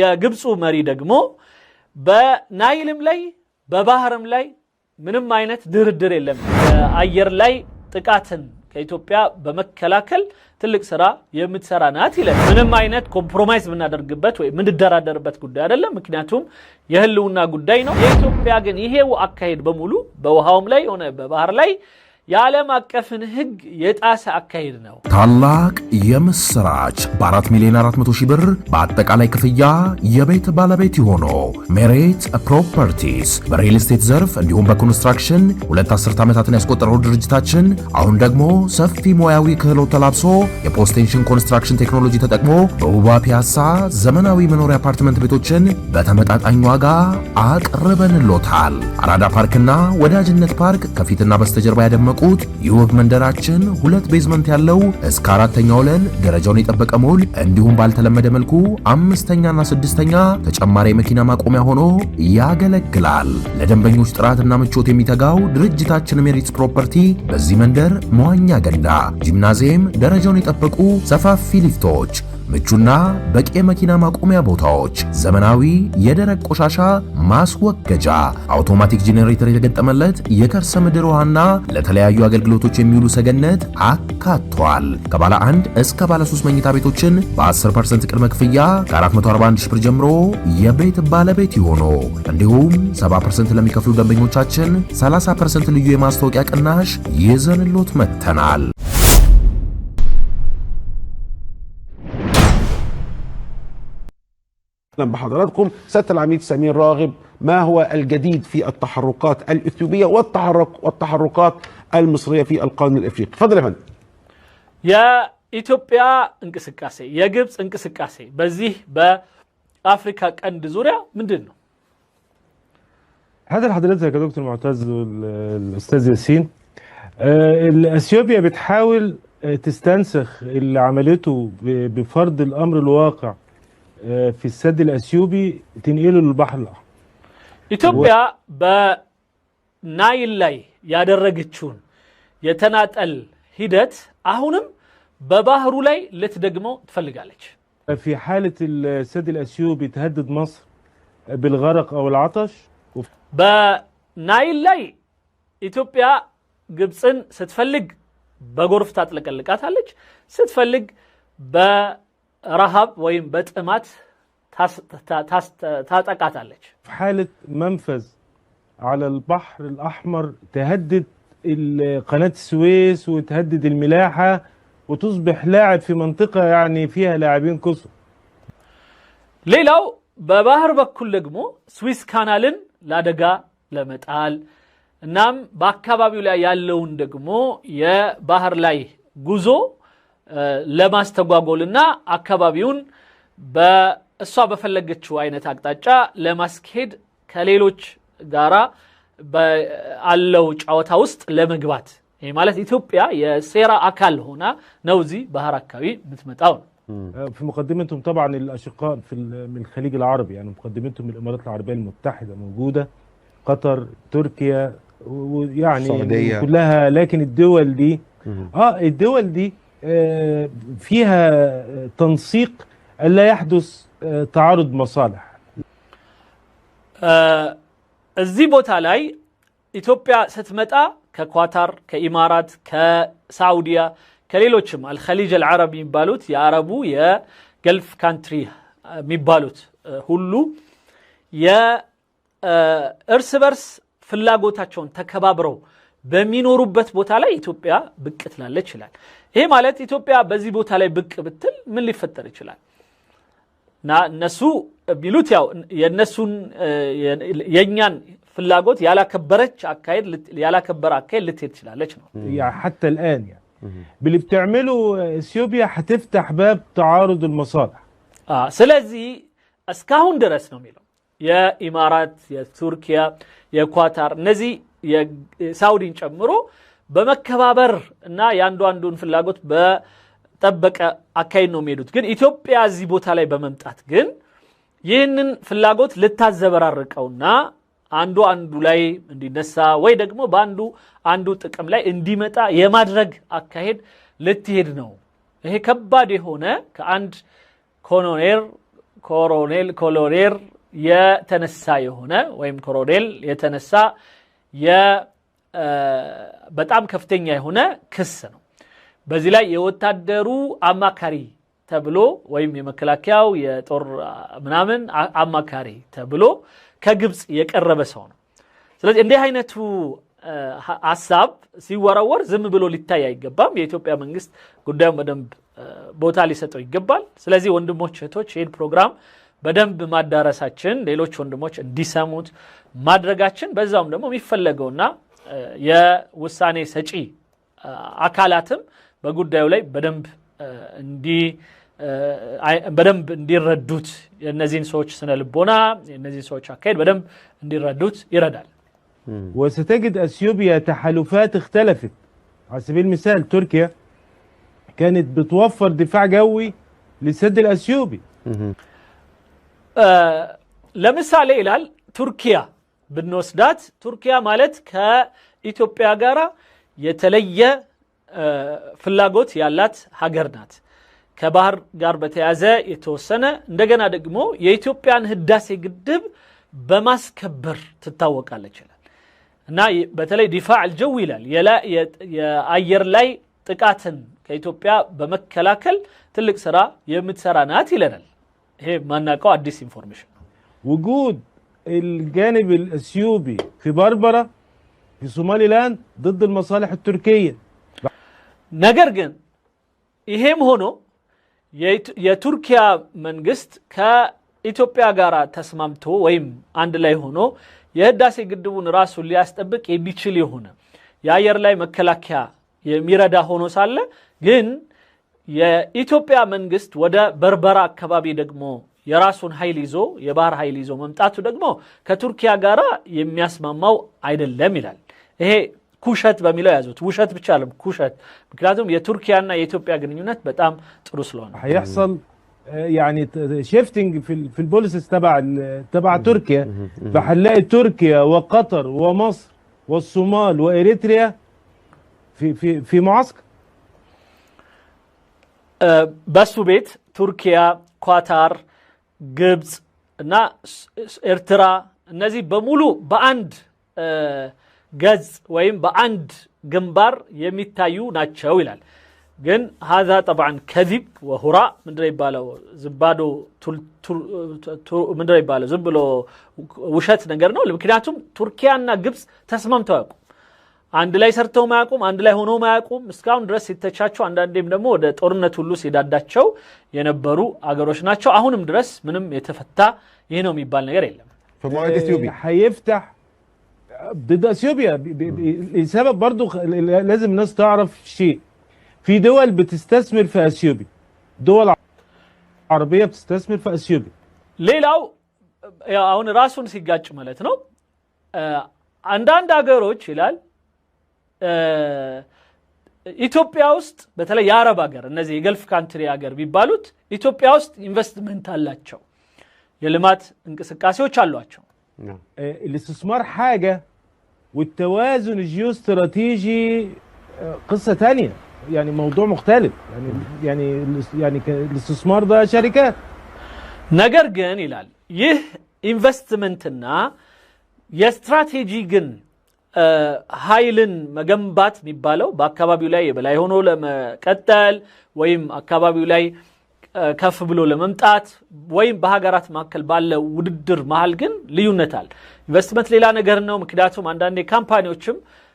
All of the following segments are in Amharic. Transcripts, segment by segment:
የግብፁ መሪ ደግሞ በናይልም ላይ በባህርም ላይ ምንም አይነት ድርድር የለም። አየር ላይ ጥቃትን ከኢትዮጵያ በመከላከል ትልቅ ስራ የምትሰራ ናት ይላል። ምንም አይነት ኮምፕሮማይዝ የምናደርግበት ወይም የምንደራደርበት ጉዳይ አይደለም፣ ምክንያቱም የህልውና ጉዳይ ነው። የኢትዮጵያ ግን ይሄው አካሄድ በሙሉ በውሃውም ላይ ሆነ በባህር ላይ የዓለም አቀፍን ሕግ የጣሰ አካሄድ ነው። ታላቅ የምስራች! በ4 ሚሊዮን 400 ሺህ ብር በአጠቃላይ ክፍያ የቤት ባለቤት የሆኖ ሜሬት ፕሮፐርቲስ በሪል ስቴት ዘርፍ እንዲሁም በኮንስትራክሽን ሁለት አስርት ዓመታትን ያስቆጠረው ድርጅታችን አሁን ደግሞ ሰፊ ሙያዊ ክህሎት ተላብሶ የፖስቴንሽን ኮንስትራክሽን ቴክኖሎጂ ተጠቅሞ በውባ ፒያሳ ዘመናዊ መኖሪያ አፓርትመንት ቤቶችን በተመጣጣኝ ዋጋ አቅርበንሎታል። አራዳ ፓርክና ወዳጅነት ፓርክ ከፊትና በስተጀርባ ያደመ እንደምታውቁት የውብ መንደራችን ሁለት ቤዝመንት ያለው እስከ አራተኛ ወለል ደረጃውን የጠበቀ ሞል እንዲሁም ባልተለመደ መልኩ አምስተኛና ስድስተኛ ተጨማሪ የመኪና ማቆሚያ ሆኖ ያገለግላል። ለደንበኞች ጥራትና ምቾት የሚተጋው ድርጅታችን ሜሪትስ ፕሮፐርቲ በዚህ መንደር መዋኛ ገንዳ፣ ጂምናዚየም፣ ደረጃውን የጠበቁ ሰፋፊ ሊፍቶች ምቹና በቂ የመኪና ማቆሚያ ቦታዎች፣ ዘመናዊ የደረቅ ቆሻሻ ማስወገጃ፣ አውቶማቲክ ጄኔሬተር የተገጠመለት የከርሰ ምድር ውሃና ለተለያዩ አገልግሎቶች የሚውሉ ሰገነት አካቷል። ከባለ አንድ እስከ ባለ ሶስት መኝታ ቤቶችን በ10% ቅድመ ክፍያ ከ441 ሺህ ብር ጀምሮ የቤት ባለቤት ይሆኑ። እንዲሁም 70% ለሚከፍሉ ደንበኞቻችን 30% ልዩ የማስታወቂያ ቅናሽ ይዘንሎት መጥተናል። اهلا بحضراتكم سياده العميد سمير راغب ما هو الجديد في التحركات الاثيوبيه والتحرك والتحركات المصريه في القرن الافريقي تفضل يا فندم يا إثيوبيا انكسكاسي يا جبس بزي با افريكا قند زوريا مندن هذا لحضرتك يا دكتور معتز والاستاذ ياسين آه، اثيوبيا بتحاول آه، تستنسخ اللي عملته بفرض الامر الواقع في السد الاثيوبي تنقله للبحر الاحمر ايتوبيا و... نايل لاي يا درجتشون يتناتل هدت اهونم ببحر لاي لتدقمو تفلق عليك في حالة السد الاثيوبي تهدد مصر بالغرق او العطش وف... نايل لاي ايتوبيا جبسن ستفلق بغرفتات تاتلك اللقات عليك ستفلق ب وين ረሃብ تاس تاس في حالة منفذ على البحر الأحمر تهدد قناة السويس وتهدد الملاحة وتصبح لاعب في منطقة يعني فيها لاعبين كثر ሌላው በባህር በኩል ደግሞ ስዊስ ካናልን ለአደጋ ለመጣል እናም በአካባቢው يالون ያለውን يا بحر لاي جوزو أكبابيون با በእሷ فلقتشو عينة አቅጣጫ ለማስኬድ ከሌሎች ጋራ አለው ጨዋታ ውስጥ ለመግባት لمقبات ማለት مالات የሴራ يا سيرا أكال هنا نوزي አካባቢ የምትመጣው ነው في مقدمتهم طبعا الاشقاء في من الخليج العربي يعني مقدمتهم الامارات العربيه المتحده موجوده قطر تركيا ويعني السعودية. كلها لكن الدول دي اه الدول دي فيها تنسيق ألا يحدث تعارض مصالح እዚህ ቦታ ላይ ኢትዮጵያ ስትመጣ ከኳታር፣ ከኢማራት፣ ከሳዑዲያ፣ ከሌሎችም አልኸሊጅ አልዓረብ የሚባሉት የአረቡ የገልፍ ካንትሪ የሚባሉት ሁሉ የእርስ በርስ ፍላጎታቸውን ተከባብረው በሚኖሩበት ቦታ ላይ ኢትዮጵያ ብቅ ትላለች ይላል። ይሄ ማለት ኢትዮጵያ በዚህ ቦታ ላይ ብቅ ብትል ምን ሊፈጠር ይችላል? እና እነሱ የሚሉት ያው የእነሱን የእኛን ፍላጎት ያላከበረች አካሄድ ያላከበረ አካሄድ ልትሄድ ትችላለች ነው حتى الآن يعني باللي بتعمله اثيوبيا هتفتح باب تعارض المصالح آه ስለዚህ እስካሁን ድረስ ነው የሚለው የኢማራት የቱርኪያ የኳታር እነዚህ ሳውዲን ጨምሮ በመከባበር እና የአንዱ አንዱን ፍላጎት በጠበቀ አካሄድ ነው የሚሄዱት። ግን ኢትዮጵያ እዚህ ቦታ ላይ በመምጣት ግን ይህንን ፍላጎት ልታዘበራርቀውና አንዱ አንዱ ላይ እንዲነሳ ወይ ደግሞ በአንዱ አንዱ ጥቅም ላይ እንዲመጣ የማድረግ አካሄድ ልትሄድ ነው። ይሄ ከባድ የሆነ ከአንድ ኮሎኔል ኮሎኔል ኮሎኔል የተነሳ የሆነ ወይም ኮሎኔል የተነሳ በጣም ከፍተኛ የሆነ ክስ ነው። በዚህ ላይ የወታደሩ አማካሪ ተብሎ ወይም የመከላከያው የጦር ምናምን አማካሪ ተብሎ ከግብፅ የቀረበ ሰው ነው። ስለዚህ እንዲህ አይነቱ ሀሳብ ሲወረወር ዝም ብሎ ሊታይ አይገባም። የኢትዮጵያ መንግስት ጉዳዩን በደንብ ቦታ ሊሰጠው ይገባል። ስለዚህ ወንድሞች፣ እህቶች ይህን ፕሮግራም በደንብ ማዳረሳችን ሌሎች ወንድሞች እንዲሰሙት ማድረጋችን በዛውም ደግሞ የሚፈለገውና የውሳኔ ሰጪ አካላትም በጉዳዩ ላይ በደንብ እንዲ በደንብ እንዲረዱት የእነዚህን ሰዎች ስነ ልቦና የእነዚህን ሰዎች አካሄድ በደንብ እንዲረዱት ይረዳል። وستجد أثيوبيا تحالفات اختلفت على سبيل المثال تركيا كانت بتوفر دفاع جوي للسد الأثيوبي ለምሳሌ ይላል ቱርኪያ ብንወስዳት ቱርኪያ ማለት ከኢትዮጵያ ጋር የተለየ ፍላጎት ያላት ሀገር ናት። ከባህር ጋር በተያዘ የተወሰነ እንደገና ደግሞ የኢትዮጵያን ህዳሴ ግድብ በማስከበር ትታወቃለች ይላል እና በተለይ ዲፋዕ አልጀው ይላል የአየር ላይ ጥቃትን ከኢትዮጵያ በመከላከል ትልቅ ስራ የምትሰራ ናት ይለናል። ይሄ ማናውቀው አዲስ ኢንፎርሜሽን ነው። ውጉድ الجانب الاثيوبي في بربره في ሶማሊ ضد المصالح التركيه ነገር ግን ይሄም ሆኖ የቱርኪያ መንግስት ከኢትዮጵያ ጋር ተስማምቶ ወይም አንድ ላይ ሆኖ የህዳሴ ግድቡን ራሱን ሊያስጠብቅ የሚችል የሆነ የአየር ላይ መከላከያ የሚረዳ ሆኖ ሳለ ግን يا إثيوبيا منجست ودا بربرا كبابي دغمو يراسون هايليزو يبار هايليزو ممتاتو دغمو كتركيا غارا يمياسما مو عيد اللاميلال إيه كوشات بميلا يزوت وشات بشالم كوشات بكلاتهم يا تركيا انا إثيوبيا غنيونات بتام تروسلون هيحصل يعني شيفتنج في في البوليسيس تبع تبع تركيا فحنلاقي تركيا وقطر ومصر والصومال واريتريا في في في معسكر በሱ ቤት ቱርኪያ፣ ኳታር፣ ግብፅ እና ኤርትራ እነዚህ በሙሉ በአንድ ገጽ ወይም በአንድ ግንባር የሚታዩ ናቸው ይላል። ግን ሀዛ ጠብዓን ከዚብ ወሁራ ምንድነው ይባለው? ዝባዶ ምንድነው ይባለው? ዝም ብሎ ውሸት ነገር ነው። ምክንያቱም ቱርኪያና ግብፅ ተስማምተው ያውቁ አንድ ላይ ሰርተው ማያውቁም፣ አንድ ላይ ሆነው ማያውቁም። እስካሁን ድረስ ሲተቻቸው፣ አንዳንዴም ደግሞ ወደ ጦርነት ሁሉ ሲዳዳቸው የነበሩ አገሮች ናቸው። አሁንም ድረስ ምንም የተፈታ ይህ ነው የሚባል ነገር የለም። ضد اثيوبيا لسبب برضو لازم الناس تعرف شيء في دول بتستثمر في اثيوبيا دول عربيه بتستثمر في اثيوبيا ሌላው አሁን ራሱን ሲጋጭ ማለት ነው አንዳንድ ሀገሮች ይላል ኢትዮጵያ ውስጥ በተለይ የአረብ ሀገር እነዚህ የገልፍ ካንትሪ ሀገር ቢባሉት ኢትዮጵያ ውስጥ ኢንቨስትመንት አላቸው፣ የልማት እንቅስቃሴዎች አሏቸው። الاستثمار حاجة والتوازن الجيوستراتيجي قصة تانية يعني موضوع مختلف يعني يعني يعني الاستثمار ده ነገር ግን ይላል ይህ ኢንቨስትመንትና የስትራቴጂ ግን ኃይልን መገንባት የሚባለው በአካባቢው ላይ የበላይ ሆኖ ለመቀጠል ወይም አካባቢው ላይ ከፍ ብሎ ለመምጣት ወይም በሀገራት መካከል ባለ ውድድር መሀል ግን ልዩነት አለ ኢንቨስትመንት ሌላ ነገር ነው። ምክንያቱም አንዳንዴ ካምፓኒዎችም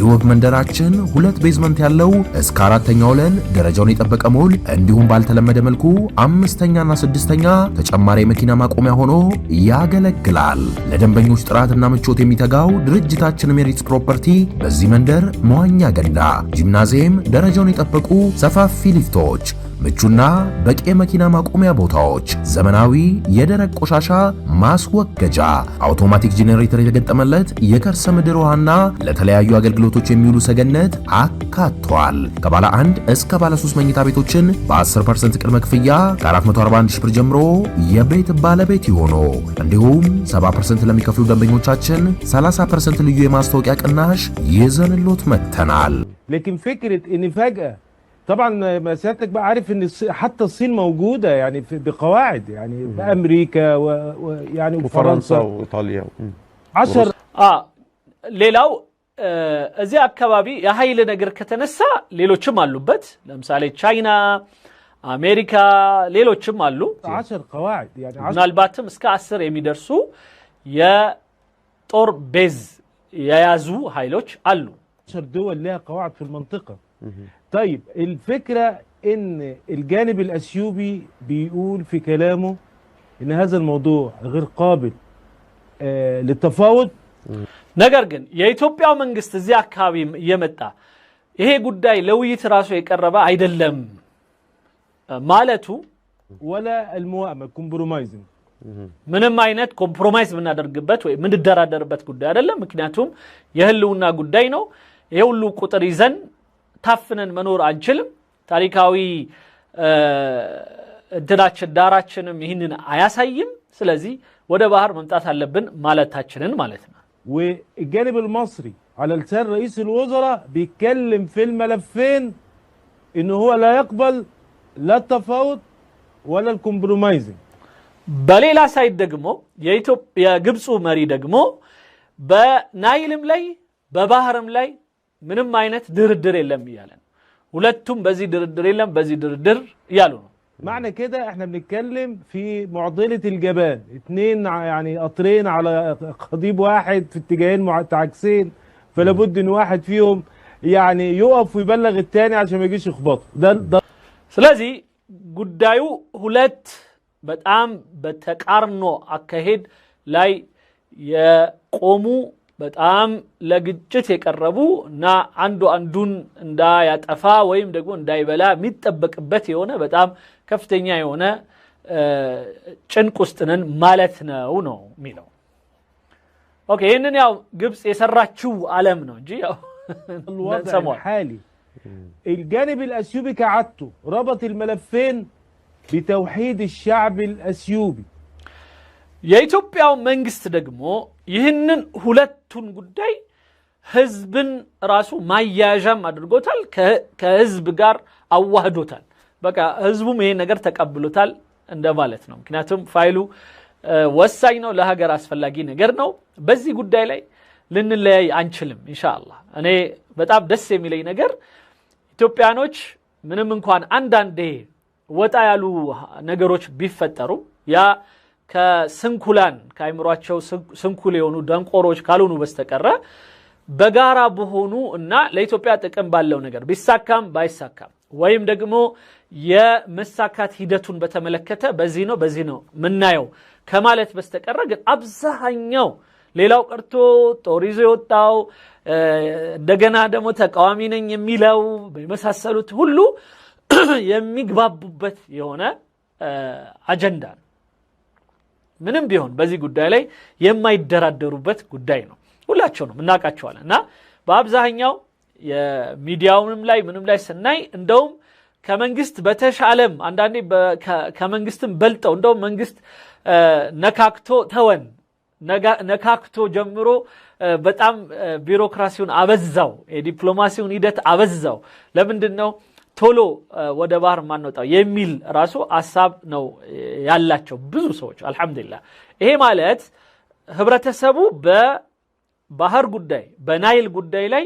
የወግ መንደራችን ሁለት ቤዝመንት ያለው እስከ አራተኛ ወለል ደረጃውን የጠበቀ ሞል እንዲሁም ባልተለመደ መልኩ አምስተኛና ስድስተኛ ተጨማሪ የመኪና ማቆሚያ ሆኖ ያገለግላል። ለደንበኞች ጥራትና ምቾት የሚተጋው ድርጅታችን ሜሪትስ ፕሮፐርቲ በዚህ መንደር መዋኛ ገንዳ፣ ጂምናዚየም፣ ደረጃውን የጠበቁ ሰፋፊ ሊፍቶች ምቹና በቂ የመኪና ማቆሚያ ቦታዎች፣ ዘመናዊ የደረቅ ቆሻሻ ማስወገጃ፣ አውቶማቲክ ጄኔሬተር የተገጠመለት የከርሰ ምድር ውሃና ለተለያዩ አገልግሎቶች የሚውሉ ሰገነት አካቷል። ከባለ አንድ እስከ ባለ ሶስት መኝታ ቤቶችን በ10% ቅድመ ክፍያ ከ441 ሺህ ብር ጀምሮ የቤት ባለቤት ይሆኑ። እንዲሁም 70% ለሚከፍሉ ደንበኞቻችን 30% ልዩ የማስታወቂያ ቅናሽ ይዘንሎት መጥተናል። طبعا سيادتك بقى عارف ان حتى الصين موجوده يعني في بقواعد يعني في امريكا ويعني و... يعني وفرنسا وايطاليا 10 اه ليلو ازي اكبابي يا هاي لنا غير كتنسى ليلو تشم اللبت لمثاله تشاينا امريكا ليلو تشم اللو 10 قواعد يعني 10 نالباتم اسكا 10 يميدرسو يا طور بيز يا يازو هايلوتش اللو 10 دول لها قواعد في المنطقه طيب الفكرة ان الجانب الاثيوبي بيقول في كلامه ان هذا الموضوع غير قابل للتفاوض ነገር ግን የኢትዮጵያ መንግስት እዚህ አካባቢ የመጣ ይሄ ጉዳይ ለውይይት ራሱ የቀረበ አይደለም ማለቱ ወለ አልሙዋመ ኮምፕሮማይዝ ምንም አይነት ኮምፕሮማይዝ የምናደርግበት ወይም የምንደራደርበት ጉዳይ አይደለም። ምክንያቱም የህልውና ጉዳይ ነው። ይሄ ሁሉ ቁጥር ይዘን ታፍነን መኖር አንችልም። ታሪካዊ እድላችን ዳራችንም ይህንን አያሳይም። ስለዚህ ወደ ባህር መምጣት አለብን ማለታችንን ማለት ነው። والجانب المصري على لسان رئيس الوزراء بيتكلم في الملفين ان هو لا يقبل لا التفاوض ولا በሌላ ሳይድ ደግሞ የግብፁ መሪ ደግሞ በናይልም ላይ በባህርም ላይ ምንም አይነት ድርድር የለም እያለ ነው። ሁለቱም በዚህ ድርድር የለም በዚህ ድርድር እያሉ ነው። معنى كده احنا بنتكلم في معضلة الجبان اثنين يعني قطرين على قضيب واحد في اتجاهين متعاكسين فلا بد ان واحد فيهم يعني يقف ويبلغ الثاني عشان ما يجيش يخبطه ده ده سلازي قدايو هلات بتقام በተቃርኖ አካሄድ لاي يقومو በጣም ለግጭት የቀረቡ እና አንዱ አንዱን እንዳያጠፋ ወይም ደግሞ እንዳይበላ የሚጠበቅበት የሆነ በጣም ከፍተኛ የሆነ ጭንቅ ውስጥንን ማለት ነው ነው የሚለው። ኦኬ ይህንን ያው ግብፅ የሰራችው አለም ነው እንጂ ያው ሰሟል። الجانب الأثيوبي كعادته ربط الملفين بتوحيد الشعب الأثيوبي يا የኢትዮጵያው منجست دغمو يهنن هلت ሁለቱን ጉዳይ ህዝብን ራሱ ማያያዣም አድርጎታል፣ ከህዝብ ጋር አዋህዶታል። በቃ ህዝቡም ይሄ ነገር ተቀብሎታል እንደማለት ነው። ምክንያቱም ፋይሉ ወሳኝ ነው፣ ለሀገር አስፈላጊ ነገር ነው። በዚህ ጉዳይ ላይ ልንለያይ አንችልም። ኢንሻአላህ እኔ በጣም ደስ የሚለኝ ነገር ኢትዮጵያኖች ምንም እንኳን አንዳንዴ ወጣ ያሉ ነገሮች ቢፈጠሩ ያ ከስንኩላን ከአይምሯቸው ስንኩል የሆኑ ደንቆሮች ካልሆኑ በስተቀረ በጋራ በሆኑ እና ለኢትዮጵያ ጥቅም ባለው ነገር ቢሳካም ባይሳካም ወይም ደግሞ የመሳካት ሂደቱን በተመለከተ በዚህ ነው በዚህ ነው ምናየው ከማለት በስተቀረ ግን አብዛኛው ሌላው ቀርቶ ጦር ይዞ የወጣው እንደገና ደግሞ ተቃዋሚ ነኝ የሚለው የመሳሰሉት ሁሉ የሚግባቡበት የሆነ አጀንዳ ነው። ምንም ቢሆን በዚህ ጉዳይ ላይ የማይደራደሩበት ጉዳይ ነው። ሁላቸውንም እናውቃቸዋለን እና በአብዛኛው የሚዲያውንም ላይ ምንም ላይ ስናይ እንደውም ከመንግስት በተሻለም አንዳንዴ ከመንግስትም በልጠው እንደውም መንግስት ነካክቶ ተወን ነካክቶ ጀምሮ በጣም ቢሮክራሲውን አበዛው፣ የዲፕሎማሲውን ሂደት አበዛው። ለምንድን ነው ቶሎ ወደ ባህር ማንወጣው የሚል ራሱ ሀሳብ ነው ያላቸው ብዙ ሰዎች አልሐምዱሊላ። ይሄ ማለት ህብረተሰቡ በባህር ጉዳይ በናይል ጉዳይ ላይ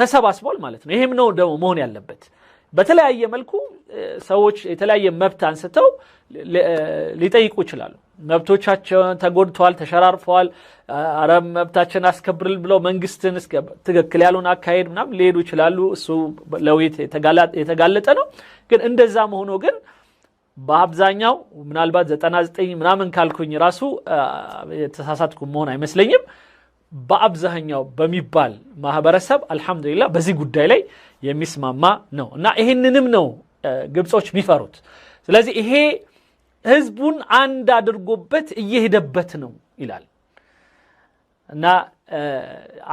ተሰባስቧል ማለት ነው። ይህም ነው ደግሞ መሆን ያለበት። በተለያየ መልኩ ሰዎች የተለያየ መብት አንስተው ሊጠይቁ ይችላሉ። መብቶቻቸውን ተጎድተዋል፣ ተሸራርፈዋል፣ አረ መብታችን አስከብርል ብለው መንግስትን ትክክል ያሉን አካሄድ ምናምን ሊሄዱ ይችላሉ። እሱ ለውይይት የተጋለጠ ነው። ግን እንደዛ መሆኖ ግን በአብዛኛው ምናልባት 99 ምናምን ካልኩኝ ራሱ የተሳሳትኩ መሆን አይመስለኝም። በአብዛኛው በሚባል ማህበረሰብ አልሐምዱሊላ በዚህ ጉዳይ ላይ የሚስማማ ነው እና ይህንንም ነው ግብጾች የሚፈሩት። ስለዚህ ይሄ ህዝቡን አንድ አድርጎበት እየሄደበት ነው ይላል እና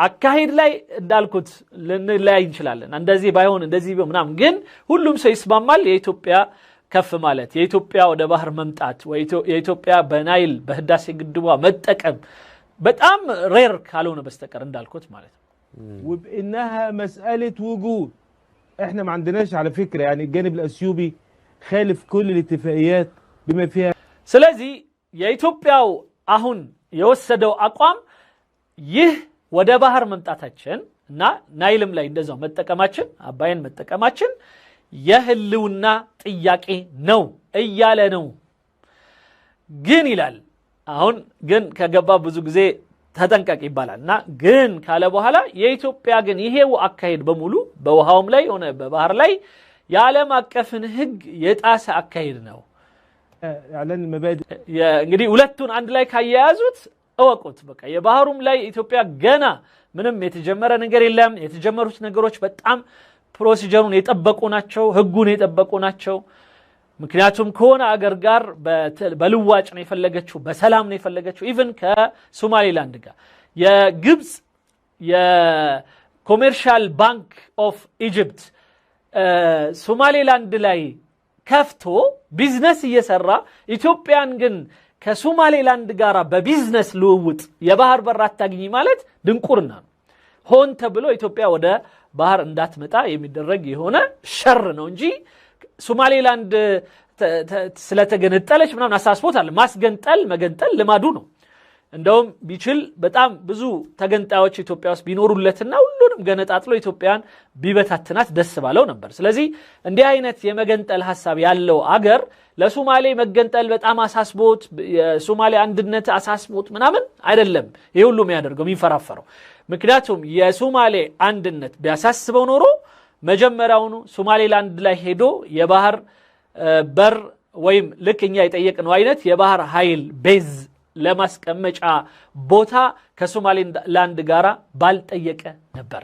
አካሄድ ላይ እንዳልኩት ልንለያይ እንችላለን። እንደዚህ ባይሆን እንደዚህ ምናምን፣ ግን ሁሉም ሰው ይስማማል። የኢትዮጵያ ከፍ ማለት፣ የኢትዮጵያ ወደ ባህር መምጣት፣ የኢትዮጵያ በናይል በህዳሴ ግድቧ መጠቀም በጣም ሬር ካልሆነ በስተቀር እንዳልኩት ማለት ነው። وبانها مساله وجود احنا ما عندناش على فكره يعني الجانب الاثيوبي خالف كل الاتفاقيات ስለዚህ የኢትዮጵያው አሁን የወሰደው አቋም ይህ ወደ ባህር መምጣታችን እና ናይልም ላይ እንደዛው መጠቀማችን አባይን መጠቀማችን የህልውና ጥያቄ ነው እያለ ነው። ግን ይላል አሁን ግን ከገባ ብዙ ጊዜ ተጠንቀቅ ይባላል እና ግን ካለ በኋላ የኢትዮጵያ ግን ይሄው አካሄድ በሙሉ በውሃውም ላይ ሆነ በባህር ላይ የዓለም አቀፍን ህግ የጣሰ አካሄድ ነው ኢዕላን መባዲ እንግዲህ ሁለቱን አንድ ላይ ካያያዙት እወቁት። በቃ የባህሩም ላይ ኢትዮጵያ ገና ምንም የተጀመረ ነገር የለም። የተጀመሩት ነገሮች በጣም ፕሮሲጀሩን የጠበቁ ናቸው፣ ህጉን የጠበቁ ናቸው። ምክንያቱም ከሆነ አገር ጋር በልዋጭ ነው የፈለገችው፣ በሰላም ነው የፈለገችው። ኢቨን ከሶማሌላንድ ጋር የግብፅ የኮሜርሻል ባንክ ኦፍ ኢጅፕት ሶማሌላንድ ላይ ከፍቶ ቢዝነስ እየሰራ ኢትዮጵያን ግን ከሶማሌላንድ ጋር በቢዝነስ ልውውጥ የባህር በር አታግኝ ማለት ድንቁርና ነው። ሆን ተብሎ ኢትዮጵያ ወደ ባህር እንዳትመጣ የሚደረግ የሆነ ሸር ነው እንጂ ሶማሌላንድ ስለተገነጠለች ምናምን አለ። ማስገንጠል መገንጠል ልማዱ ነው። እንደውም ቢችል በጣም ብዙ ተገንጣዮች ኢትዮጵያ ውስጥ ቢኖሩለትና አቅም ገነጣጥሎ ኢትዮጵያን ቢበታትናት ደስ ባለው ነበር። ስለዚህ እንዲህ አይነት የመገንጠል ሀሳብ ያለው አገር ለሶማሌ መገንጠል በጣም አሳስቦት የሶማሌ አንድነት አሳስቦት ምናምን አይደለም ይህ ሁሉ የሚያደርገው የሚንፈራፈረው። ምክንያቱም የሶማሌ አንድነት ቢያሳስበው ኖሮ መጀመሪያውኑ ሶማሌላንድ ላይ ሄዶ የባህር በር ወይም ልክ እኛ የጠየቅነው አይነት የባህር ኃይል ቤዝ ለማስቀመጫ ቦታ ከሶማሌላንድ ጋራ ባልጠየቀ ነበር።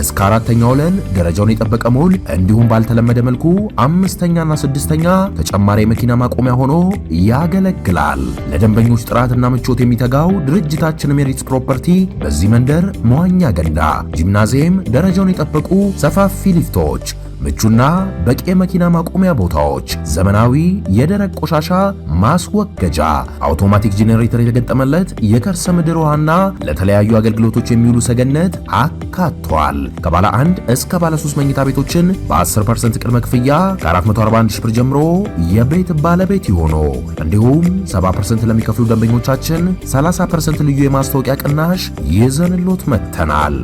እስከ አራተኛው ለን ደረጃውን የጠበቀ ሙል እንዲሁም ባልተለመደ መልኩ አምስተኛና ስድስተኛ ተጨማሪ የመኪና ማቆሚያ ሆኖ ያገለግላል። ለደንበኞች ጥራትና ምቾት የሚተጋው ድርጅታችን ሜሪትስ ፕሮፐርቲ በዚህ መንደር መዋኛ ገንዳ፣ ጂምናዚየም፣ ደረጃውን የጠበቁ ሰፋፊ ሊፍቶች ምቹና በቂ የመኪና ማቆሚያ ቦታዎች፣ ዘመናዊ የደረቅ ቆሻሻ ማስወገጃ፣ አውቶማቲክ ጄኔሬተር የተገጠመለት የከርሰ ምድር ውሃና ለተለያዩ አገልግሎቶች የሚውሉ ሰገነት አካቷል። ከባለ አንድ እስከ ባለ ሶስት መኝታ ቤቶችን በ10% ቅድመ ክፍያ ከ441 ሺ ብር ጀምሮ የቤት ባለቤት ይሆኑ። እንዲሁም 70% ለሚከፍሉ ደንበኞቻችን 30% ልዩ የማስታወቂያ ቅናሽ ይዘንሎት መጥተናል።